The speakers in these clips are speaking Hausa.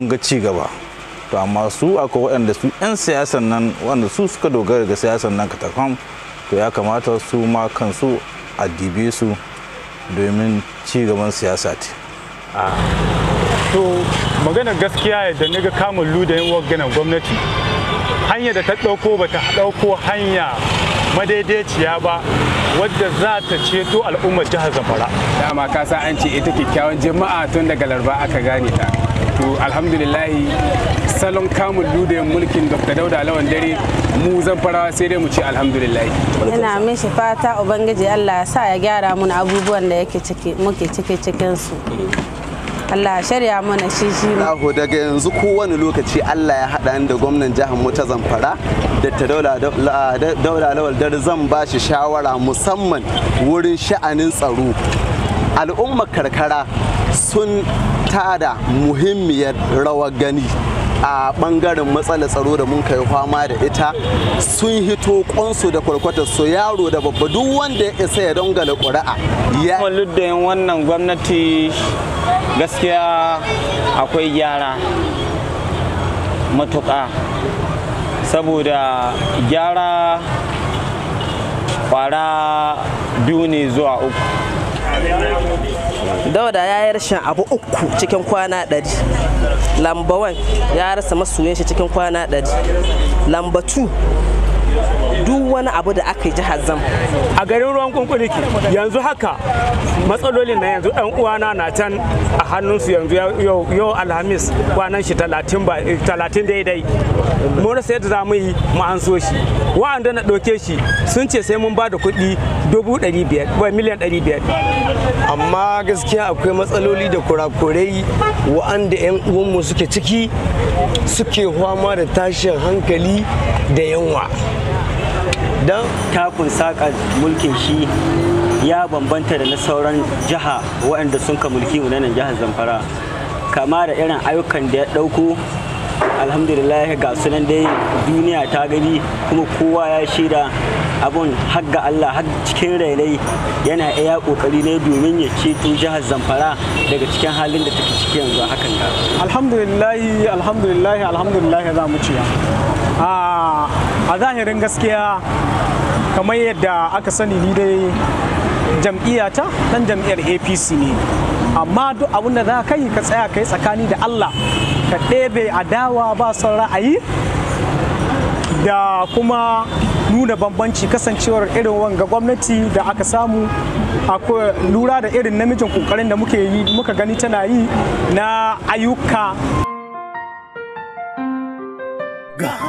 ga ci gaba to amma su akwai waɗanda su 'yan siyasan nan wanda su suka dogara ga siyasan nan katakon to ya kamata su ma kansu a dibe su domin ci gaban siyasa ce ah. to maganar gaskiya da na ga kamun ludayin waganan gwamnati hanya da ta ɗauko ba ta ɗauko hanya madaidaiciya ba wadda za ta ceto al'ummar jihar zamfara dama ka an ce ita kyakkyawan jama'a tun daga larba aka gane ta to alhamdulillahi salon kamun dude mulkin dr dauda lawan dare mu zan farawa sai dai mu ce alhamdulillahi yana mishi fata ubangiji allah ya sa ya gyara mun abubuwan da yake ciki muke ciki cikin su Allah shirya mana shi shi Allahu daga yanzu kowane lokaci Allah ya haɗa da gwamnan jihar mu ta Zamfara da ta daula lawal dare zan ba shi shawara musamman wurin sha'anin tsaro al'ummar karkara sun tada muhimmiyar rawar gani a bangaren matsalar tsaro da mun kai fama da ita sun hito kunsu da kwarkwatar su yaro da babba duk wanda ya isa ya dangala ƙuri'a ya luddayin wannan gwamnati gaskiya akwai gyara matuƙa saboda gyara kwara biyu ne zuwa uku dauda ya yi rashin abu uku cikin kwana ɗari lamba 1 ya rasa yin shi cikin kwana ɗari lamba 2 duk wani abu da aka yi jihar zam a garin ruwan ke yanzu haka matsalolin na yanzu dan uwana na can a hannunsu yanzu yau alhamis kwanan shi talatin daidai mun rasa yadda za mu yi mu an so shi wa'anda na ɗauke shi sun ce sai mun ba da kuɗi dubu ɗari miliyan ɗari amma gaskiya akwai matsaloli da kurakurai wa'anda 'yan uwanmu suke ciki suke fama da tashin hankali da yanwa idan takun saka mulkin shi ya bambanta da na sauran jiha waɗanda sun ka mulki mu jihar zamfara kama da irin ayyukan da ya ɗauko alhamdulillah ga sunan dai duniya ta gani kuma kowa ya shaida abun hagga Allah har cikin rainai yana iya kokari ne domin ya ceto jihar Zamfara daga cikin halin da take ciki yanzu hakan ga alhamdulillah alhamdulillah alhamdulillah za mu ce a zahirin gaskiya kamar yadda aka sani ni dai jam'iyyata dan jam'iyyar apc ne amma duk abin da za ka yi ka tsaya kai yi tsakani da allah ka ɗebe adawa ba son ra'ayi da kuma nuna bambanci kasancewar irin wanga gwamnati da aka samu akwai lura da irin namijin kokarin da muka gani tana yi na ayyuka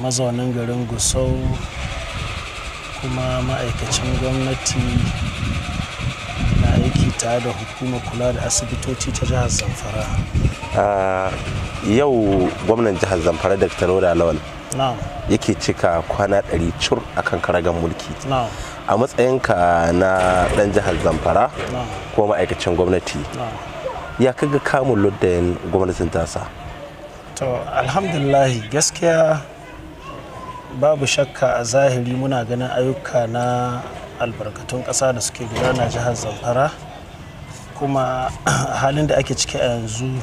mazaunin garin Gusau kuma ma'aikacin gwamnati na aiki tare da hukumar kula da asibitoci ta jihar Zamfara. yau gwamnan jihar Zamfara da Roda Lawal yake cika kwana 100 cur kan karagan mulki. A matsayinka na ɗan jihar Zamfara ko ma'aikacin gwamnati. Ya kaga kamun luddayin gwamnatin tasa? To, alhamdulahi gaskiya babu shakka a zahiri muna ganin ayyuka na albarkatun ƙasa da suke gudana jihar zamfara kuma halin da ake ciki a yanzu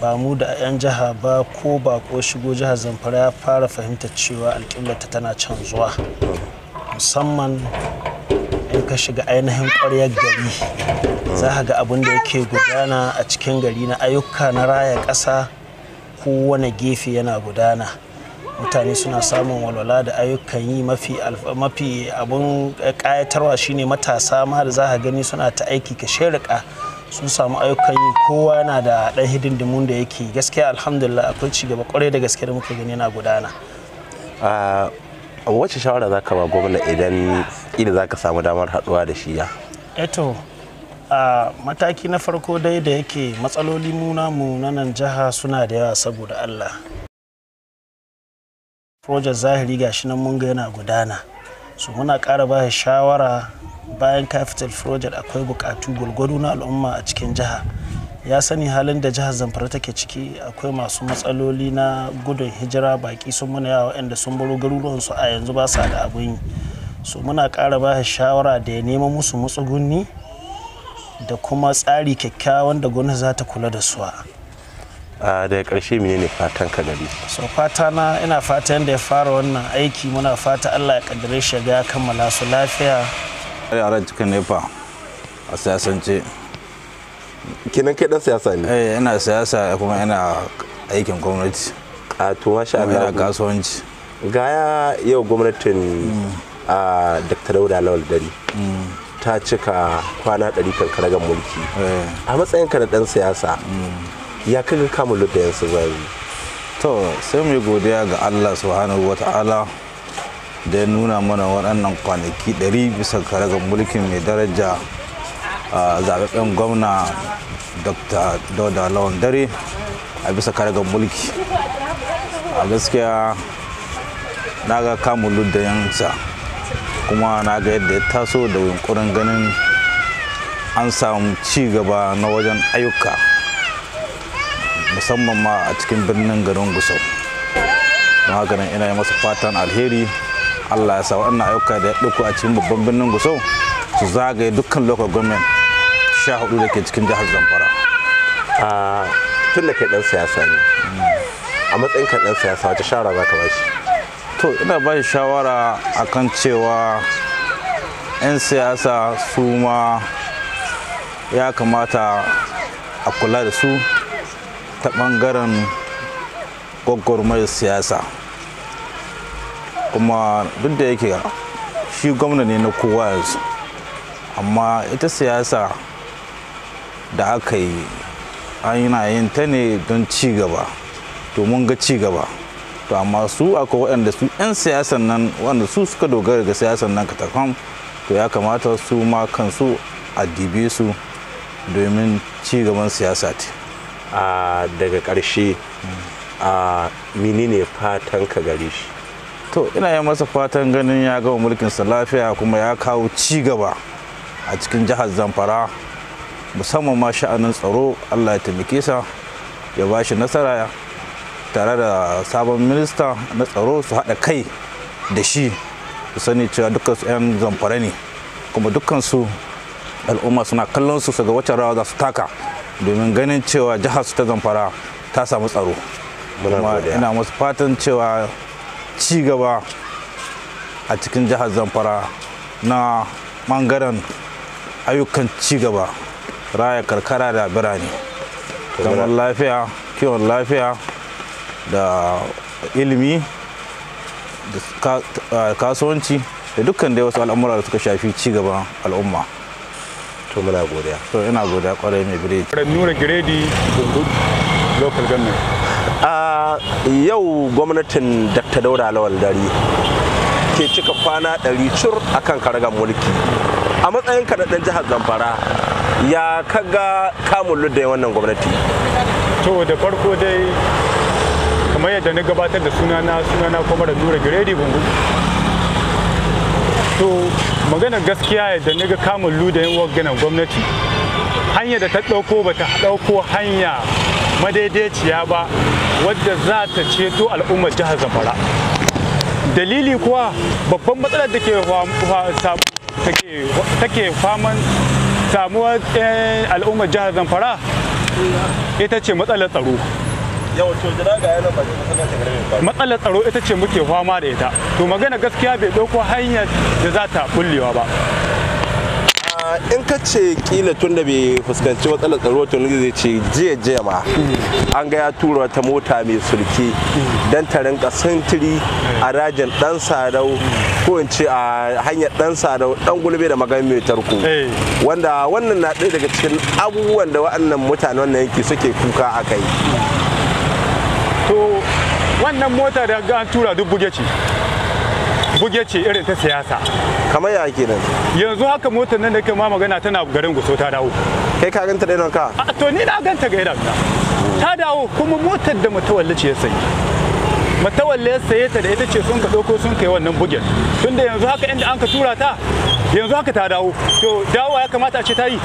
ba mu da 'yan jiha ba ko ba ko shigo jihar zamfara ya fara fahimtar cewa alƙimlata tana canzuwa musamman in ka shiga ainihin ƙwaryar gari za ga abin da yake gudana a cikin gari na ayyuka na raya ƙasa kowane gefe yana gudana. mutane suna samun walwala da ayyukan yi mafi abun kayatarwa eh, shine matasa ma da za a gani suna ta aiki ka shirika sun samu ayyukan yi kowa yana da dan hidindimun da yake gaskiya alhamdulillah akwai ci gaba kwarai da gaske da muka gani yana gudana wacce shawara za ka ba gwamna idan za ka samu damar haɗuwa da shi ya eto eh a mataki na farko dai da yake matsaloli muna mu jiha suna da yawa saboda allah frojet zahiri gashi nan mun ga yana gudana so muna ƙara ba shawara bayan capital project akwai bukatu gwalgwado na al'umma a cikin jiha ya sani halin da jihar zamfara take ciki akwai masu matsaloli na gudun hijira baki sun muna yawa waɗanda sun baro garuruwansu a yanzu ba sa da abin yi su muna ƙara ba shawara da ya nema musu matsugunni da kuma tsari kyakkyawan da gwamnati za ta kula da su Ah, daga ƙarshe ne fatan ka gari so fata na ina fata yadda ya fara wannan aiki muna fata Allah ya kaddare shi ga ya kammala su lafiya a yaran cikin nefa a siyasance kinan kai dan siyasa ne eh ina siyasa kuma ina aikin gwamnati a to masha Allah ina kasuwanci gaya yau gwamnatin mm. a Dr. Dauda Lawal Dari mm. ta cika kwana 100 kan karagan mulki eh. a matsayin ka na dan siyasa mm. ya kaga kamun da yansu zari to sai mai godiya ga Allah subhanahu ta'ala da ya nuna mana waɗannan kwanaki ɗari bisa kare ga mulkin mai daraja a zaɓaɓɓen gwamna dr dauda lawan dare a bisa kare ga mulki a gaskiya na ga kamun da yansa kuma na ga yadda ya taso da yunkurin ganin an samu ci gaba na wajen ayyuka musamman ma a cikin birnin garin gusau maganin ina yi masa fatan alheri allah ya sa ina ayyuka da ya ɗauko a cikin babban birnin gusau su zagaye dukkan local government sha hudu da ke cikin jihar zamfara tun da kai dan siyasa ne a matsayin ka ɗan siyasa wace shawara za ka ba shi to ina ba shi shawara akan cewa 'yan siyasa su ma ya kamata a kula da su ta bangaren gwagwarmayar siyasa kuma duk da yake shi gwamna ne na kowa yanzu amma ita siyasa da aka yi an na yin ta ne don cigaba to mun ga cigaba to amma su akwai waɗanda su 'yan siyasan nan waɗanda su suka dogara ga siyasan nan katakon to ya kamata su ma kansu a dibe su domin cigaban siyasa ce a ah, daga ƙarshe a ah, menene fatan ka gare shi to ina yi masa fatan ganin ya gama mulkinsa lafiya kuma ya kawo ci gaba a cikin jihar zamfara musamman ma sha'anin tsaro allah ya taimake sa ya ba shi nasara tare da sabon minista na tsaro su haɗa kai da shi su sani cewa dukkan su 'yan zamfara ne kuma dukkan su al'umma suna kallon su su ga wacce rawa za su taka domin ganin cewa jihar su ta zamfara ta samu tsaro kuma ina musu fatan cewa ci gaba a cikin jihar zamfara na bangaren ayyukan ci gaba raya karkara da birane kamar lafiya kiwon lafiya da ilimi da eh, kasuwanci da dukkan dai wasu al'amura da suka shafi ci gaba al'umma to muna godiya to ina godiya kwarai mai biredi nura giredi gungun local government a yau gwamnatin dr daura lawal dari ke cika kwana ɗari cur akan karagar mulki a matsayin ka ɗan jihar zamfara ya kaga kamun ludda wannan gwamnati to da farko dai kamar yadda na gabatar da sunana sunana kuma da nura giredi gungun magana gaskiya da na ga kamun luda yin gwamnati hanya da ta ɗauko ba ta ɗauko hanya madaidaiciya ba wadda za ta ceto al'ummar jihar zamfara dalili kuwa babban matsalar da take faman samuwar eh, al'ummar jihar zamfara ita ce matsalar tsaro ga ta garin matsalar tsaro ita ce muke fama da ita to magana gaskiya bai dauko hanyar da za ta bullewa ba ah, in ka ce kila tun da bai fuskanci matsalar tsaro tun zai ce jiya jiya ma hmm. an ga ya tura ta mota mai sulki hmm. don ta rinka sintiri a hmm. rajin dan sarau ko in ce a hanyar dan sarau dan gulbe da magani mai tarko eh. wanda wannan na ɗaya daga cikin abubuwan da wa'annan mutanen wannan yanki suke kuka a kai to wannan mota da ga an tura duk buge ce buge ce irin ta siyasa kamar ya nan. yanzu haka motar nan da ke ma magana tana garin guso ta dawo kai ka ganta da ka a to ni na ganta ga idan ka ta dawo kuma motar da mutawalli ce ya sayi mutawalli ya saye ta da ita ce sun ka doko sun kai wannan bugen tunda yanzu haka inda an ka tura ta yanzu haka ta dawo to dawo ya kamata a ce ta yi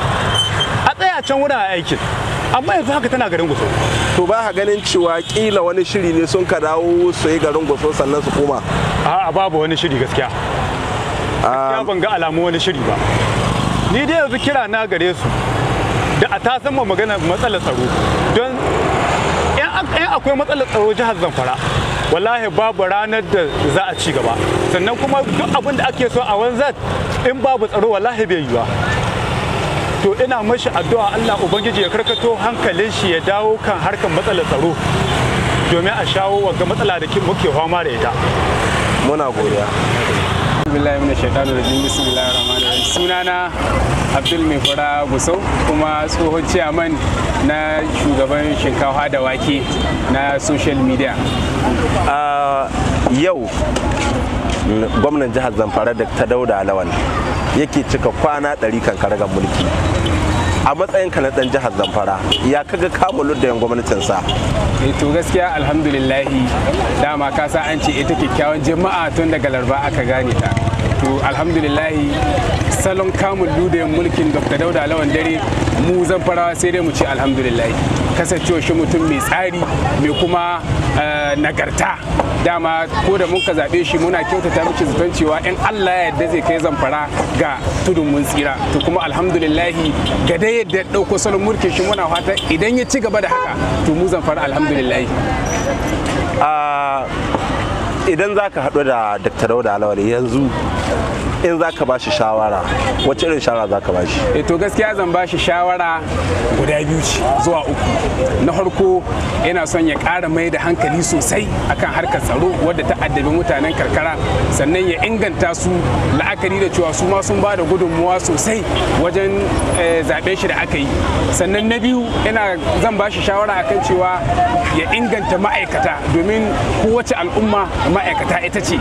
a tsaya can wurin aikin amma yanzu haka tana garin gusau to ba ha ganin cewa kila wani shiri ne sun ka dawo su yi garin gusau sannan su koma a'a babu wani shiri gaskiya gaskiya ah. ban ga alamu wani shiri ba ni dai yanzu kira na gare su da a ta ma magana matsalar tsaro don in akwai matsalar tsaro jihar zamfara wallahi babu ranar da za a ci gaba sannan kuma duk abin da ake so a wanzar in babu tsaro wallahi bai yiwa to ina mashi addu'a Allah ubangiji ya karkato hankalin shi ya dawo kan harkar matsalar tsaro domin a shawo wagga matsala da muke fama da ita muna godiya billahi min shaitan rajim bismillahir rahmanir rahim sunana abdul mai Guso kuma tsohon ciyaman na shugaban shinkafa da wake na social media ah, yau gwamnan jihar zamfara da ta dauda lawan yake cika kwana ɗari kan karagar mulki a matsayin ka na ɗan jihar zamfara ya kaga kama gwamnatin gwamnatinsa eh to gaskiya alhamdulillahi dama kasa an ce ita kyakkyawan jama'a tun daga larba aka gane ta wato alhamdulillahi salon kamun dude mulkin dr dauda lawan dare mu zan farawa sai dai mu ce alhamdulillahi kasancewa shi mutum mai tsari mai kuma eh, nagarta dama ko da muka zaɓe shi muna kyautata miki zaton cewa in Allah ya yarda zai kai zamfara ga tudun mun tsira to kuma alhamdulillahi ga dai yadda ɗauko salon mulkin shi muna fata idan ya ci gaba da haka to mu zamfara alhamdulillahi ah, idan za ka haɗu da dr dauda lawal yanzu in za ka ba shi shawara wacce irin shawara za ka ba shi e to gaskiya zan ba shi shawara guda biyu ce zuwa uku na farko yana son ya ƙara mai da hankali sosai akan harkar tsaro wadda ta addabi mutanen karkara sannan ya inganta su la'akari da cewa su ma sun ba da gudunmuwa sosai wajen eh, zaɓe shi da aka yi sannan na biyu yana zan ba shi shawara akan cewa ya inganta ma'aikata domin kowace al'umma ma'aikata ita ce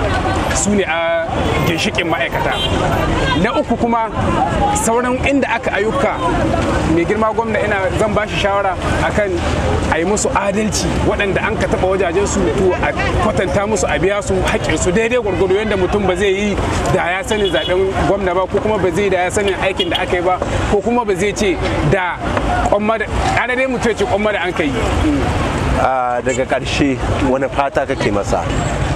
su ne a ginshiƙin ma'aikata ta na uku kuma sauran inda aka ayyuka mai girma gwamna ina zan ba shi shawara akan a yi musu adalci waɗanda an ka taɓa wajajen su to a kwatanta musu a biya su haƙƙin su daidai gwargwado yadda mutum ba zai yi da ya sani zaɓen gwamna ba ko kuma ba zai da ya sani aikin da aka yi ba ko kuma ba zai ce da kwamma da ya ce kwamma an ka yi daga ƙarshe wani fata kake masa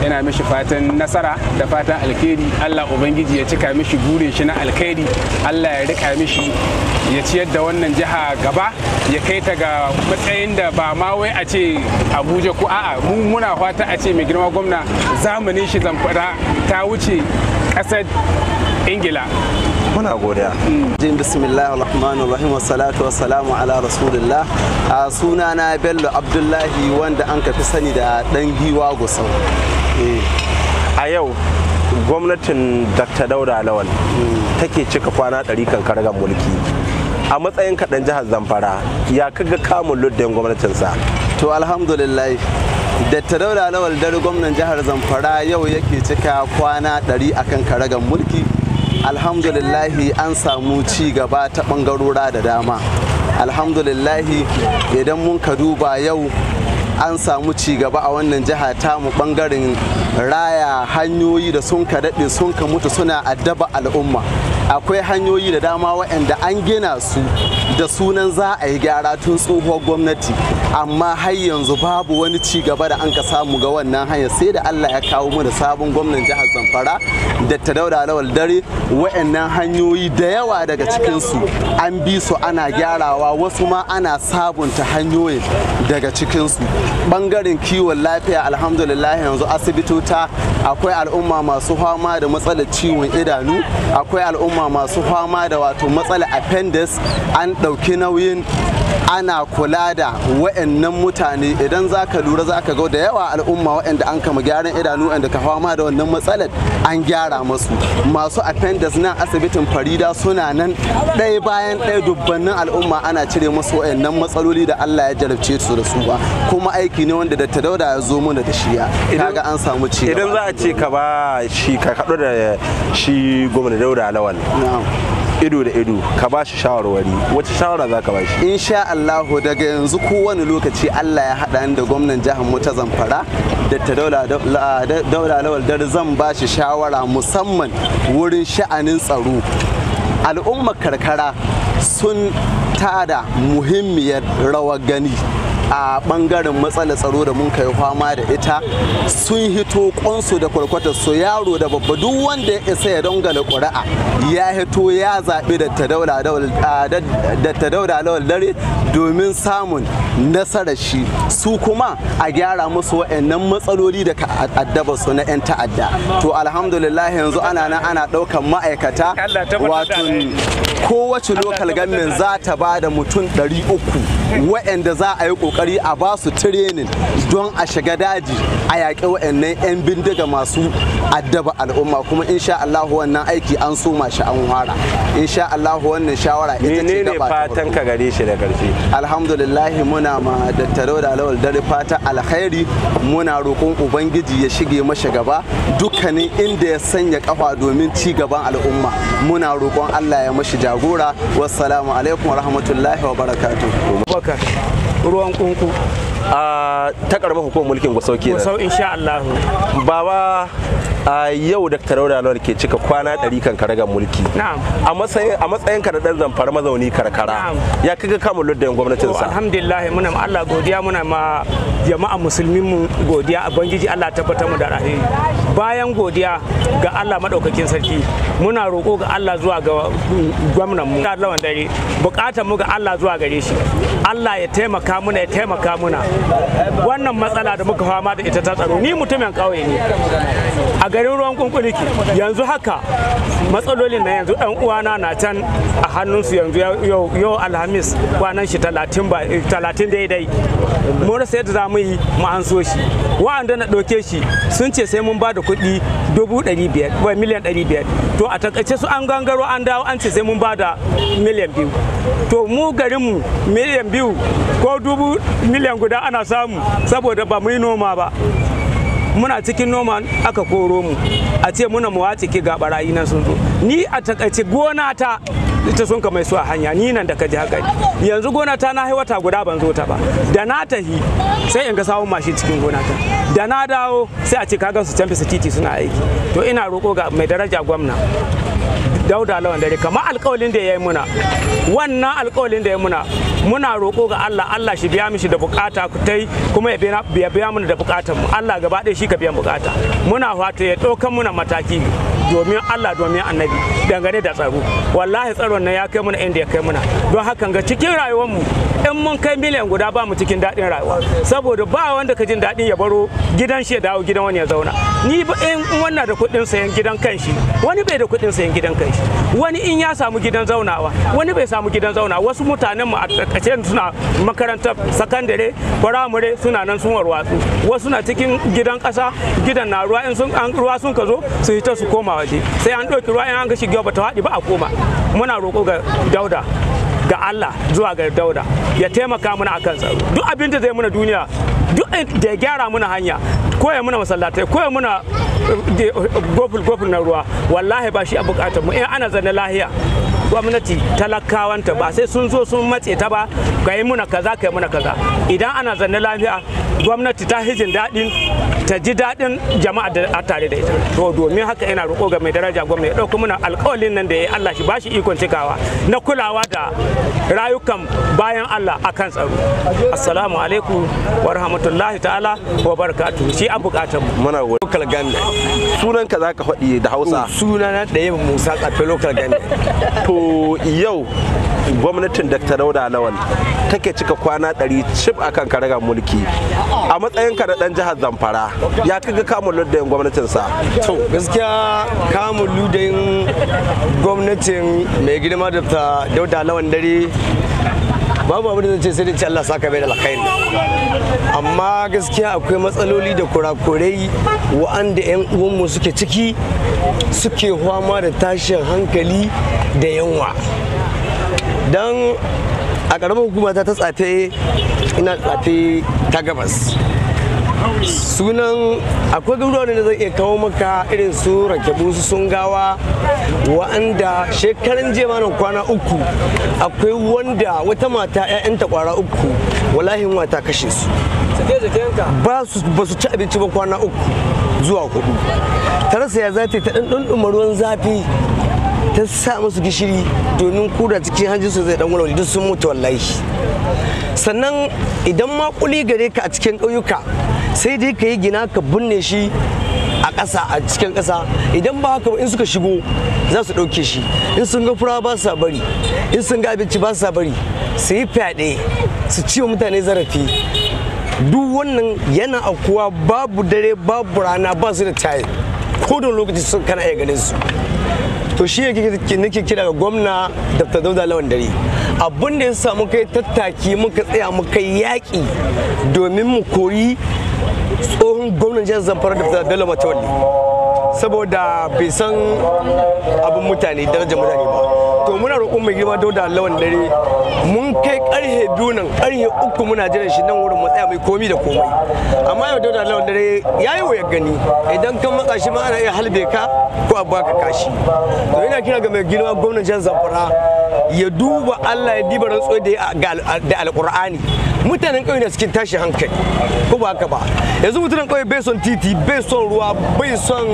yana mishi fatan nasara da fatan alkhairi Allah ubangiji ya cika mishi burin shi na alkhairi Allah ya rika mishi ya ciyar da wannan jiha gaba ya kai ta ga matsayin da ba ma wai a ce abuja ko a'a mu muna fata a ce mai girma gwamna zamanin shi zamfara ta wuce ƙasar ingila muna godiya jin bismillah ar rahman ar rahim wa salatu wa salamu ala rasulillah a suna na bello abdullahi wanda an kafi sani da dan giwa gusau eh, a yau gwamnatin dr dauda lawal take cika kwana ɗari kan karagar mulki a matsayin kaɗan jihar zamfara ya kaga kamun luddin gwamnatinsa to alhamdulillah Datta Daura Lawal dare gwamnan jihar Zamfara yau yake cika kwana 100 akan karagan mulki alhamdulillahi an samu ci gaba ta bangarora da dama alhamdulillahi idan mun ka duba yau an samu ci gaba a wannan jiha tamu bangaren raya hanyoyi da sun ka daɗe sun ka mutu suna addaba al'umma akwai hanyoyi da dama waɗanda an gina su da sunan za a yi gyara tun tsohuwar gwamnati amma har yanzu babu wani ci gaba da an ka samu ga wannan hanyar sai da Allah ya kawo mu da sabon gwamnan jihar Zamfara da ta daura lawal dare waɗannan hanyoyi da yawa daga cikinsu an bi su ana gyarawa wasu ma ana sabunta hanyoyin daga cikinsu Bangaren kiwon lafiya alhamdulillah yanzu asibitota akwai al'umma masu fama da matsalar ciwon idanu akwai al'umma masu fama da wato matsalar appendix an ɗauki nauyin ana kula da wa'annan mutane idan za ka lura za ka ga da yawa al'umma wa'anda an kama gyaran idanu wa'anda ka fama da wannan matsalar an gyara masu masu appendix na asibitin farida suna nan ɗaya bayan ɗaya dubbannin al'umma ana cire masu wa'annan matsaloli da allah ya jarabce su da su ba kuma aiki ne wanda da ta dauda ya zo mana da shiya kaga an samu ci idan za a ce ka ba shi ka da shi gwamna dauda lawal ido da ido ka ba shi shawarwari wacce shawara za ka ba shi insha Allah daga yanzu kowane lokaci Allah ya haɗa ni da gwamnan jihar muta Zamfara da ta daula lawal dare zan ba shi shawara musamman wurin sha'anin tsaro al'ummar karkara sun tada muhimmiyar rawar gani a bangaren matsalar tsaro da mun kai fama da ita sun hito kunsu da kwarkwatar su yaro da babba duk wanda ya isa ya dangala ƙuri'a ya hito ya zaɓi da ta daura lawal dare domin samun nasarar shi su kuma a gyara musu wa'annan matsaloli da addaba su na 'yan ta'adda to alhamdulillah yanzu ana nan ana ɗaukan ma'aikata wato kowace local government za ta ba da mutum 300 waɗanda za a yi ƙoƙari a ba su training don a shiga daji a yaƙi waɗannan 'yan bindiga masu addaba al'umma kuma insha Allah wannan aiki an soma shi an fara insha Allah wannan shawara ita ce ne fatan ka gare shi da karfi alhamdulillah muna ma da taro da alawal dare fata alkhairi muna roƙon ubangiji ya shige masa gaba dukkanin inda ya sanya kafa domin ci gaban al'umma muna roƙon Allah ya mashi jagora wassalamu alaikum warahmatullahi wabarakatuh Abubakar ruwan kunku a ah, ta karba hukumar mulkin gwasauki kenan insha Allah Baba. a yau da Dauda Lawal ke cika kwana ɗari kan ga mulki a matsayin ka da ɗan zamfara mazauni karkara ya kaga kama luddayin gwamnatin sa alhamdulillah muna ma Allah godiya muna ma jama'a musulmin mu godiya ubangiji Allah tabbatar mu da rahimi bayan godiya ga Allah madaukakin sarki muna roƙo ga Allah zuwa ga gwamnan mu lawan dare bukatar mu ga Allah zuwa gare shi Allah ya taimaka muna ya taimaka muna wannan matsala da muka fama da ita ta tsaro ni mutumin ƙauye ne a garin ruwan kunkuri yanzu haka matsalolin na yanzu ɗan uwana na can a hannunsu yanzu yau alhamis kwanan shi talatin daidai mun rasa yadda za mu yi mu an so shi wa'anda na ɗauke shi sun ce sai mun ba da kuɗi dubu ɗari biyar miliyan ɗari biyar to a takaice su an gangaro an dawo an ce sai mun ba da miliyan biyu to mu garinmu miliyan biyu ko dubu miliyan guda ana samu saboda ba mu yi noma ba muna cikin noman aka koro mu a ce muna mu wace ga barayi nan sun zo ni a takaice gona ta ita sun ka mai su a hanya ni nan da ka ji haka yanzu gona ta na wata guda ban zo ta ba da na tahi sai in ga sawo mashin cikin gona ta da na dawo sai a ce ka su canfi su titi suna aiki to ina roko ga mai daraja gwamna dauda lawan dare kamar alkawalin da ya yi muna wannan alkawalin da ya yi muna muna roƙo ga Allah Allah shi biya mishi da bukata ku tai kuma ya biya mana da bukatar mu Allah gaba ɗaya shi ka biyan bukata muna fata ya ɗaukan muna mataki domin Allah domin annabi dangane da tsaro wallahi tsaron nan ya kai muna inda ya kai muna don haka ga cikin rayuwar mu in mun kai miliyan guda ba mu cikin daɗin rayuwa saboda ba wanda ka jin daɗin ya baro gidan shi ya dawo gidan wani ya zauna ni in wannan da kuɗin sayan gidan kanshi wani bai da kuɗin sayan gidan kanshi wani in ya samu gidan zaunawa wani bai samu gidan zauna wasu mutanen mu a ƙarshe suna makarantar sakandare firamare suna nan sun warwatsu wasu na cikin gidan ƙasa gidan na ruwa in sun an ruwa sun ka zo su hita su koma waje sai an ɗauki ruwa in an ga shiga ba ta haɗi ba a koma muna roƙo ga dauda ga Allah zuwa ga dauda ya taimaka mana akan tsaro duk abin da zai muna duniya duk da ya gyara muna hanya koya muna masallatai koya muna eh, eh, gofil gofil na ruwa wallahi ba shi a bukatar mu in ana zane lahiya gwamnati talakawanta ba sai sun zo sun matse ta ba ga yi muna kaza ka yi muna kaza idan ana zanne lafiya gwamnati ta hijin daɗin ta ji daɗin jama'a da a tare da ita to domin haka yana roƙo ga mai daraja gwamnati ɗauki muna alƙawalin nan da ya Allah shi bashi ikon cikawa na kulawa da rayukan bayan Allah a kan tsaro assalamu alaikum rahmatullahi ta'ala wa barakatu shi an bukatar mu muna gode local sunan ka zaka faɗi da Hausa oh, sunana da yayin Musa tsafe local government to yau gwamnatin Dr. Dauda Lawal take cika kwana ɗari cif akan karagar mulki a matsayinka da ɗan jihar Zamfara ya kaga kamun ludayin gwamnatin sa to gaskiya kamun ludayin gwamnatin mai girma Dr. Dauda Lawal dare babu abin da ce sai dace Allah saka bai da alkhairi amma gaskiya akwai matsaloli da kurakurai wa'anda 'yan uwanmu suke ciki suke fama da tashin hankali da yanwa don a ƙaramar hukuma ta tsafe ina tsafe ta gabas sunan akwai garuruwa ne da zan iya kawo maka irin su rake sun gawa wa'anda shekaran jema nan kwana uku akwai wanda wata mata 'ya'yanta kwara uku walahin wata kashe su ba su ci abinci ba kwana uku zuwa hudu tarasa ya zafi ta ɗanɗan ruwan zafi ta sa musu gishiri domin kura cikin hajji su zai dan wani duk sun mutu wallahi sannan idan ma kuli gare ka a cikin ƙauyuka sai dai ka yi gina ka binne shi a ƙasa a cikin ƙasa idan ba haka in suka shigo za su ɗauke shi in sun ga fura ba sa bari in sun ga abinci ba sa bari su yi fyaɗe su ci mutane zarafi duk wannan yana a akuwa babu dare babu rana ba su da tayi ko da lokaci sun kana iya ganin su to shi ne nake kira ga gwamna dr dauda lawan dare abin da ya samu kai tattaki muka tsaya muka yaƙi domin mu kori tsohon gwamnan jihar zamfara da bello matawalli saboda bai san abin mutane darajar mutane ba to muna roƙon mai girma dauda lawan dare mun kai karhe biyu nan karhe uku muna jiran shi nan wurin matsaya mai komi da komai amma yau dauda lawan dare ya yi wuya gani idan kan matsa shi ma ana iya halbe ka ko a baka kashi to ina kira ga mai girma gwamnan jihar zamfara ya duba Allah ya diba rantsuwa da alƙur'ani mutanen ƙauye ne cikin tashi hankali ko ba haka ba yanzu mutanen ƙauye bai son titi bai son ruwa bai son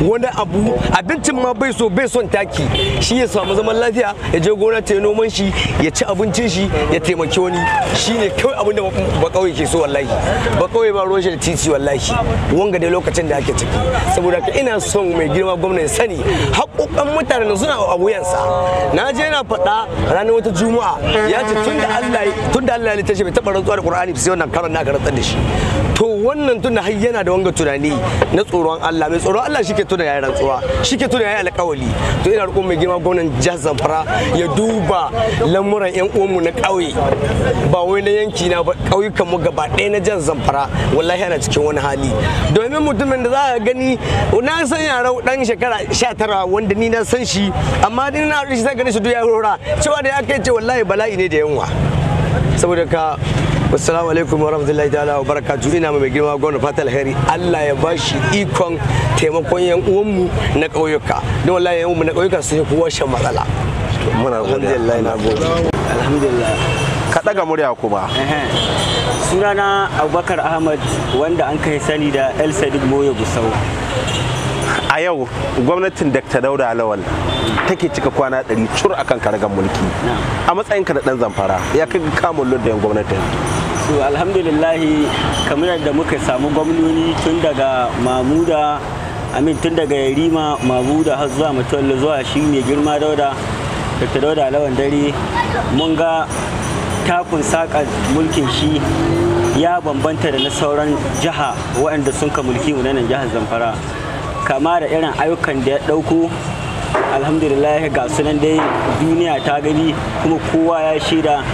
wani abu abincin ma bai so bai son taki shi ya samu zaman lafiya ya je gona ta noman shi ya ci abincin shi ya taimaki wani shi ne kawai abin da ba ke so wallahi ba kauye ba ruwan shi da titi wallahi wanga dai lokacin da ake ciki saboda ka ina son mai girma gwamna ya sani haƙoƙan mutanen suna a wuyansa na je na faɗa ranar wata juma'a ya ce tun da Allah tun da Allah ya tashi bai taɓa rantsuwa da Qur'ani sai wannan karan na ka rantsar da shi to wannan tun da har yana da wanga tunani na tsoron Allah mai tsoron Allah shi ke tuna yayi rantsuwa shi ke tuna yayi alƙawali to ina roƙon mai girma gwamnan jihar Zamfara ya duba lamuran yan uwanmu na ƙauye ba wai na yanki na ba ƙauyukan mu gaba ɗaya na jihar Zamfara wallahi ana cikin wani hali domin mutumin da za ka gani na san yara dan shekara 19 wanda ni na san shi amma ni na shi sai gani su duk ya rora cewa da ya kai ce wallahi bala'i ne da yanwa saboda ka assalamu alaikum wa rahmatullahi ta'ala wa barakatu ina mai girma gwamnati fata alheri Allah ya ba shi ikon taimakon yan uwanmu na ƙauyuka don wallahi yan uwanmu na ƙauyuka sun yi kowa shan matsala gode alhamdulillah ka daga murya kuma sunana Abubakar Ahmad wanda an kai sani da El Sadiq Moyo Gusau a yau gwamnatin Dr. Dauda Lawal take cika kwana ɗari cur akan karagar mulki a matsayinka da ɗan zamfara ya kai kamun ludda gwamnatin to alhamdulillahi kamar yadda muka samu gwamnoni tun daga mamuda amin tun daga yarima mamuda har zuwa mutuwallo zuwa shi ne girma dauda dr dauda lawan dare mun ga takun saƙa mulkin shi ya bambanta da na sauran jiha waɗanda sun ka mulki mu nan jihar zamfara kama da irin ayyukan da ya ɗauko alhamdulillah ga sunan dai duniya ta gani kuma kowa ya shaida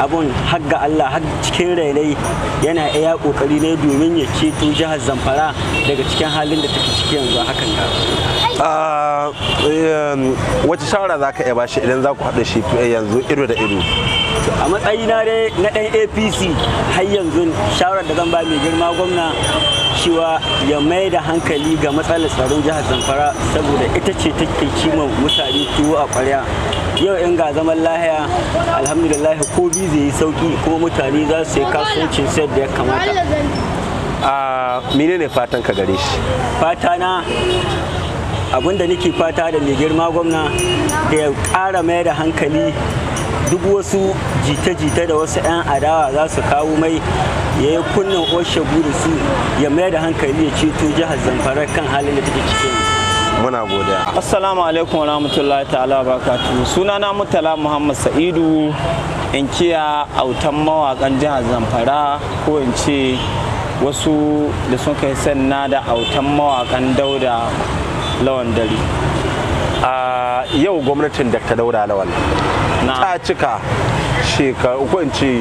abun hagga Allah har cikin rainai yana iya kokari ne domin ya ceto jihar Zamfara daga cikin halin da take ciki yanzu hakan a wace shawara za ka iya bashi idan za ku haɗa shi eh, yanzu ido da ido a matsayina dai na ɗan apc har yanzu shawarar da zan ba mai girma gwamna cewa ya mai da hankali ga matsalar tsaron jihar zamfara saboda ita ce take cimma mutane tuwo a ƙwarya yau in ga zaman lahiya alhamdulillah ko bi zai yi sauki ko mutane za su yi kasuwancin sayar da ya kamata a ne fatan ka gare shi fata na da nake fata da mai girma gwamna da ya ƙara mai da hankali duk wasu jita-jita da wasu 'yan adawa za su kawo mai ya yi kunnan oshe su ya mai da hankali ya ceto jihar zamfara kan halin da take cikin muna godiya assalamu alaikum wa rahmatullahi ta'ala barakatu sunana mutala muhammad sa'idu in kiya autan mawakan jihar zamfara ko in ce wasu da sun kai sanna da autan mawakan dauda lawan dare a yau gwamnatin dr dauda lawan ta cika shekaru ko in ce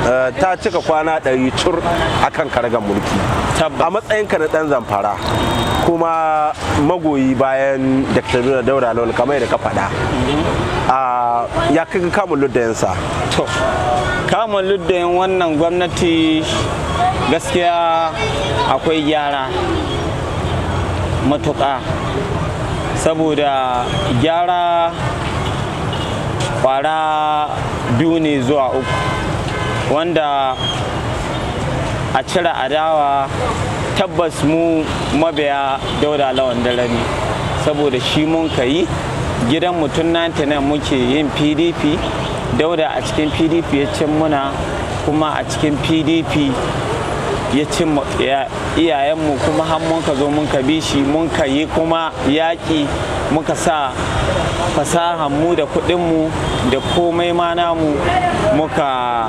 Eh, ta cika kwana ɗari cur a kan karagar mulki a matsayinka na ɗan zamfara kuma magoyi bayan dr nuna daura lawal kamar yadda ka faɗa mm-hmm. ah, ya kaga kamun luddayensa to kamun luddayen wannan gwamnati gaskiya akwai gyara matuka saboda gyara kwara biyu ne zuwa uku wanda a cire adawa tabbas mu mabiya dauda lawan dare saboda shi mun ka yi gidan mutum nan muke yin pdp dauda a cikin pdp ya cin muna kuma a cikin pdp ya cin iyayenmu kuma har mun ka zo mun ka bi shi mun ka yi kuma yaƙi muka sa fasahanmu da mu da komai ma namu muka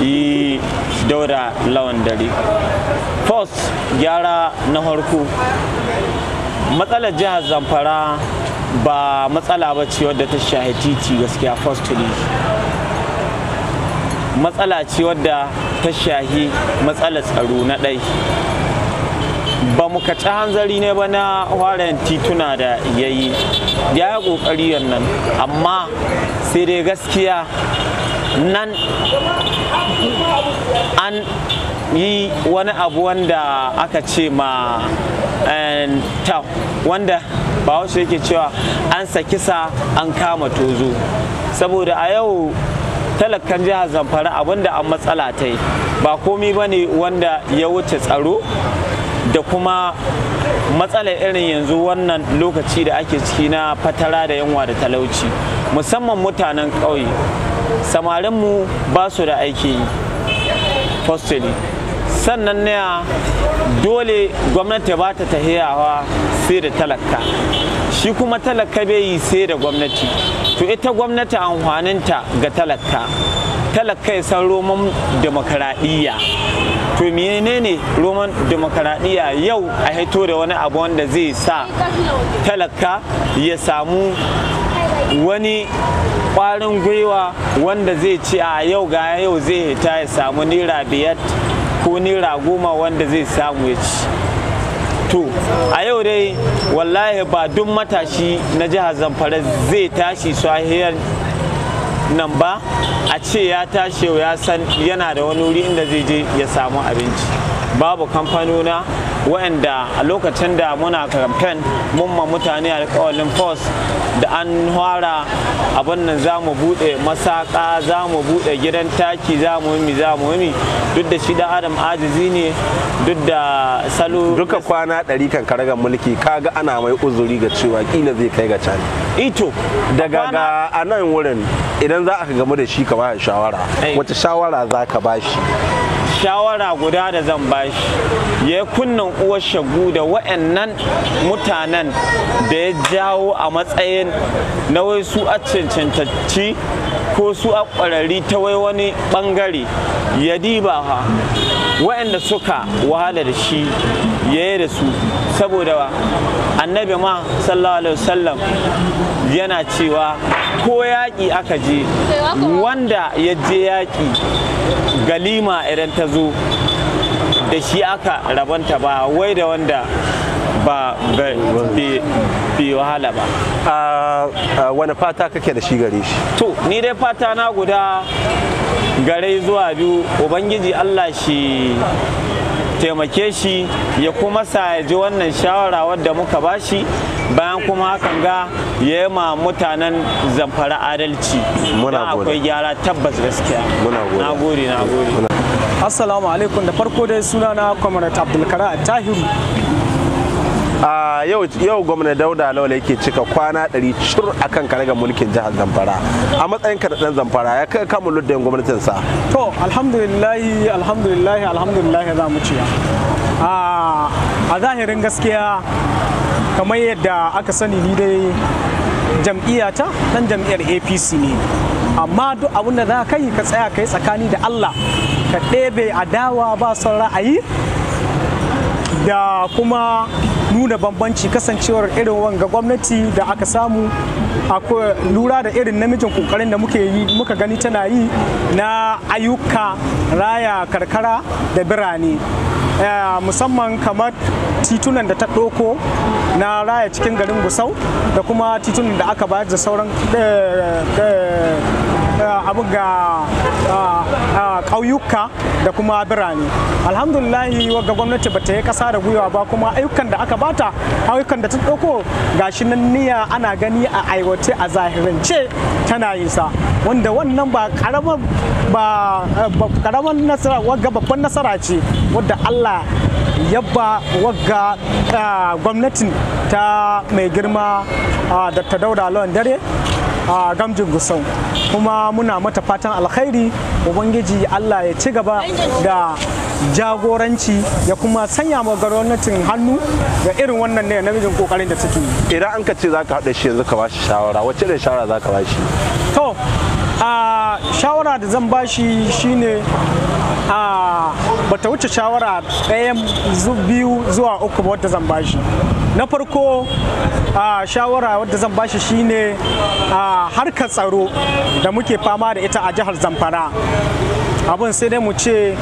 yi daura lawan dare first gyara na harko matsalar jihar zamfara ba matsala ba ce wadda ta shahi titi gaskiya firstly matsala ce wadda ta shahi matsalar tsaro na ɗai ba mu kaci hanzari ne ba na hwarayen tituna da ya yi ya yi ƙoƙari nan amma sai dai gaskiya nan an yi wani abu wanda aka ce ma eh, ta wanda ba wasu yake cewa an saki sa an kama tozo saboda a yau talakan jihar zamfara abinda an matsala ta yi ba komi ba ne wanda ya wuce tsaro da kuma matsalar irin yanzu wannan lokaci da ake ciki na fatara da yanwa da talauci musamman mutanen ƙauye samarinmu ba su da aiki hosteli sannan ne dole gwamnati ba ta tahiyawa sai da talaka shi kuma talaka bai yi sai da gwamnati to ita gwamnati amfaninta ga talaka talaka ya san roman demokaradiyya to menene roman demokaradiyya yau a haito da wani abu wanda zai sa talaka ya samu wani kwarin gwiwa wanda zai ci a yau ga yau zai hita ya samu naira biyar ko naira goma wanda zai samu ya ci to a yau dai wallahi ba duk matashi na jihar zamfara zai tashi su nan ba a ce ya tashi ya san yana da wani wuri inda zai je ya samu abinci babu kamfanona waɗanda a lokacin da muna kamfen mumma mutane alkawalin fos da an hwara abin nan za mu buɗe masaka za mu buɗe gidan taki za mu mi za mu duk da shi da adam ajizi ne duk da salo duka kwana ɗari kan karagar mulki kaga ana mai uzuri ga cewa kila zai kai ga can ito daga ga a nan wurin idan za ka gamu da shi ka ba shawara wata shawara za ka ba shawara guda da zan bashi ya yi kunnan uwar shagu da wa'annan mutanen da ya jawo a matsayin na wai su a cancantacci ko su a ƙwararri ta wai wani ɓangare ya diba ha waɗanda suka wahala da shi ya yi da su saboda annabi ma sallallahu alaihi wasallam yana cewa ko yaƙi aka je wanda ya je yaƙi galima idan ta zo da shi aka rabanta ba wai da wanda ba bai wahala ba wani fata kake da shi gare shi to ni dai fata na guda gare zuwa biyu ubangiji allah shi taimake shi ya kuma sa ya ji wannan shawara wadda muka bashi bayan kuma hakan ga ya yi ma mutanen zamfara adalci muna akwai gyara tabbas gaskiya muna na gode na gode assalamu alaikum da farko dai suna na kwamarat abdulkara tahiru a yau yau gwamna dauda laula yake cika kwana 100 cur akan karagar mulkin jihar zamfara a matsayin ka dan zamfara ya kai kamun luddin gwamnatin sa to alhamdulillah alhamdulillah alhamdulillah za mu ce a zahirin gaskiya kamar yadda aka sani ni dai jam'iyyata dan jam'iyyar apc ne amma duk abin da za ka yi ka tsaya kai tsakani da allah ka ɗebe adawa ba son ra'ayi da kuma nuna bambanci kasancewar irin wanga gwamnati da aka samu akwai lura da irin namijin kokarin da muke yi muka gani tana yi na ayyuka raya karkara da birane musamman kamar titunan da ta ɗauko na raya cikin garin gusau da kuma titunan da aka bayar da sauran eh, eh, Eh, abuga ga eh, eh, ƙauyuka da kuma birane alhamdulillahi wagga gwamnati ba ta yi kasa da gwiwa ba kuma ayyukan da aka bata ayyukan da ta ɗauko gashi nan niyya ana gani a aiwace a zahirance tana yin sa wanda wannan ba karamar ba karamar nasara wagga babban nasara ce wadda Allah yabba wagga gwamnatin ta mai girma da ta daura lawan dare a gamjin gusau kuma muna mata fatan alkhairi ubangiji allah ya ci gaba da jagoranci ya kuma sanya ma gwamnatin hannu ga irin wannan ne namijin kokarin da take idan an ka ce za ka haɗa shi yanzu ka ba shi shawara wacce irin shawara za ka ba shi to a shawara da zan ba shi shine a bata wuce shawara ɗaya biyu zuwa uku ba wadda zan ba shi na farko shawara wadda zan bashi shine harkar tsaro da muke fama da ita a jihar zamfara abin sai dai mu ce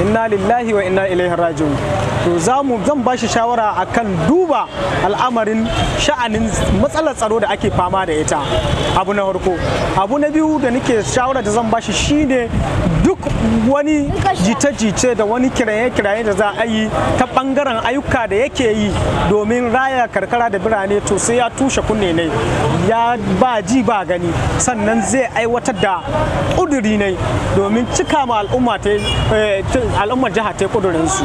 inna lillahi wa inna ilaihi raji'un to za mu zan ba shi shawara akan duba al'amarin sha'anin matsalar tsaro da ake fama da ita abu na farko abu na biyu da nake shawara da zan ba shi shine duk wani jita-jice da wani kiraye-kiraye da za a yi ta bangaren ayyuka da yake yi domin raya karkara da birane to sai ya tushe kunne ne ya ba ji ba gani sannan zai aiwatar da ƙuduri ne domin cika ma al'umma ta eh, al'ummar jiha ta kudurin su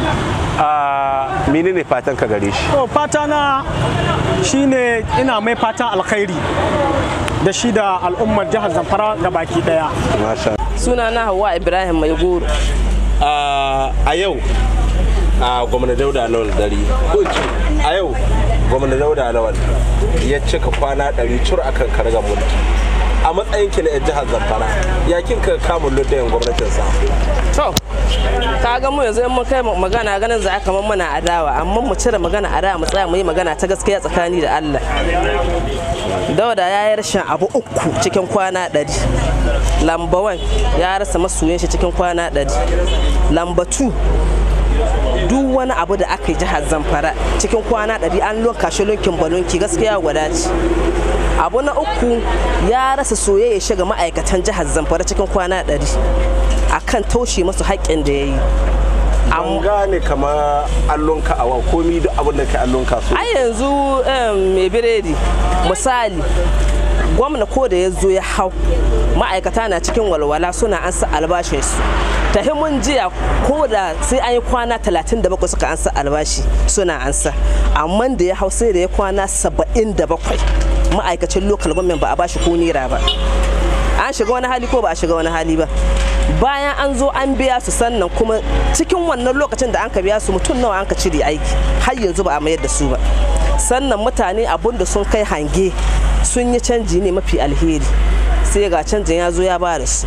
a menene fatan ka gare shi to fata na shine ina mai fatan alkhairi da shi da al'ummar jihar Zamfara ga baki daya suna na hawa Ibrahim mai goro a yau a gwamna dauda lawal dari a yau gwamna dauda lawal ya cika kwana ɗari cur akan karga mulki a matsayin ki na yan jihar zamfara ya ka kamun lodayen gwamnatin sa to ka ga mu yanzu in mun kai magana ganin za a kamar muna adawa amma mu cire magana adawa mu tsaya mu yi magana ta gaskiya tsakani da Allah dauda ya yi rashin abu uku cikin kwana ɗari lamba 1 ya rasa masoyin shi cikin kwana ɗari lamba 2 duk wani abu da aka yi jihar zamfara cikin kwana ɗari an lonka shi lunkin balonki gaskiya wadaci abu na uku ya rasa soyayya shiga ma'aikatan jihar zamfara cikin kwana ɗari kan taushe masu haƙƙin da ya yi an gane kama allon ka awa komi duk abin da ka allon ka so yanzu mai biredi misali gwamna ko da ya zo ya hau ma'aikata na cikin walwala suna an sa albashinsu tahi mun jiya ko da sai an yi kwana 37 suka ansa albashi suna ansa amma da ya hau sai da ya kwana 77 ma'aikacin local government ba a bashi ko nira ba an shiga wani hali ko ba a shiga wani hali ba bayan an zo an biya su sannan kuma cikin wannan lokacin da an ka biya su mutum nawa an ka cire aiki har yanzu ba a mayar da su ba sannan mutane abun da sun kai hange sun yi canji ne mafi alheri sai ga canjin ya zo ya ba da su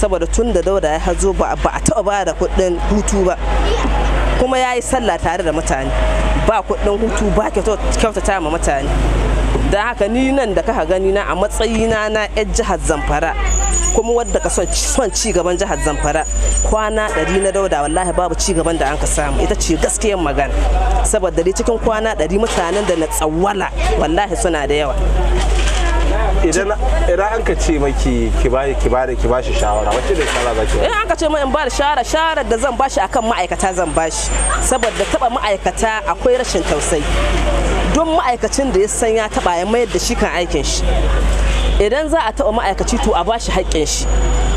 saboda tun da dauda ya hazo ba a taɓa ba da kuɗin hutu ba kuma ya yi sallah tare da mutane ba kuɗin hutu ba kyautata ma mutane da haka ni nan da kaka gani na a matsayina na 'yan jihar zamfara kuma wadda ka son ci gaban jihar zamfara kwana ɗari na dauda wallahi babu ci gaban da an ka samu ita ce gaskiyar magana saboda da cikin kwana ɗari mutanen da na tsawala wallahi suna da yawa idan an ka ce maki ki ba ki ki shi shawara wacce da shawara za ki ba idan eh, an ka ce mai in ba da shawara shawara da zan bashi akan ma'aikata zan bashi saboda taba ma'aikata akwai rashin tausayi don ma'aikacin da ya san ya taba ya mayar da shi kan aikin shi idan za a taba ma'aikaci to a bashi haƙƙin shi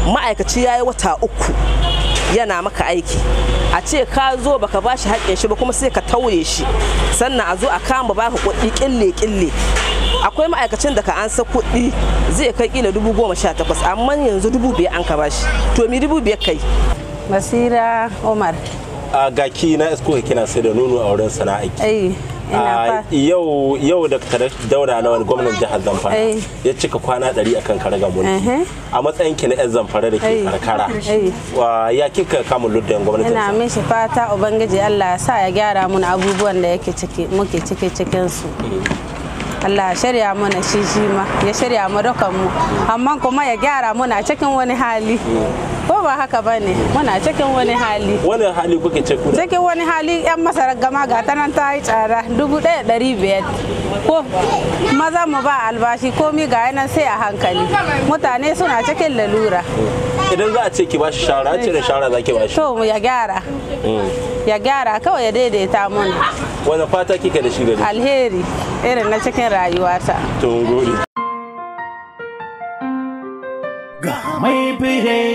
ma'aikaci ya yi wata uku yana maka aiki a ce ka zo baka bashi haƙƙin shi ba kuma sai ka tauye shi sannan a zo a kama baka kuɗi ƙille kille akwai ma'aikacin da ka sa kuɗi zai kai kila dubu goma sha takwas amma yanzu dubu biyar an ka bashi to mi dubu biyar kai Masira omar a gaki na isko kina sai da nono a wurin sana'aiki yau yau da daura na wani gwamnan jihar zamfara ya cika kwana ɗari akan karaga mulki a matsayin ki na yan zamfara da ke karkara ya kika kama luddan gwamnati. ina min shi fata ubangiji Allah ya sa ya gyara mun abubuwan da yake ciki muke ciki cikin su mm. Allah ya shirya mana shi shi ma ya shirya mu dukan mu amma kuma ya gyara muna cikin wani hali ko ba haka ba ne muna cikin wani hali wani hali kuke ce kuna cikin wani hali yan masarar gama ga ta nan ta yi tsara dubu ɗaya ɗari biyar ko maza mu ba albashi komi ga yanan sai a hankali mutane suna cikin lalura idan za a ce ki bashi shara ce da shara za ki bashi to ya gyara mm. ya gyara kawai ya daidaita mana wani fata kika da shi gari alheri irin na cikin rayuwata to gode ga mai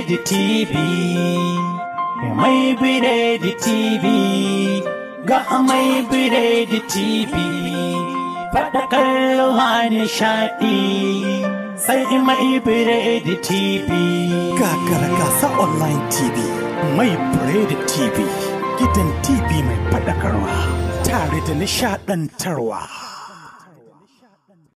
da tv mai da tv ga mai da tv faɗakar ruwa nishaɗi sai mai da tv kakara gasa online tv mai biredi tv gidan tv mai faɗakarwa tare da nishaɗantarwa.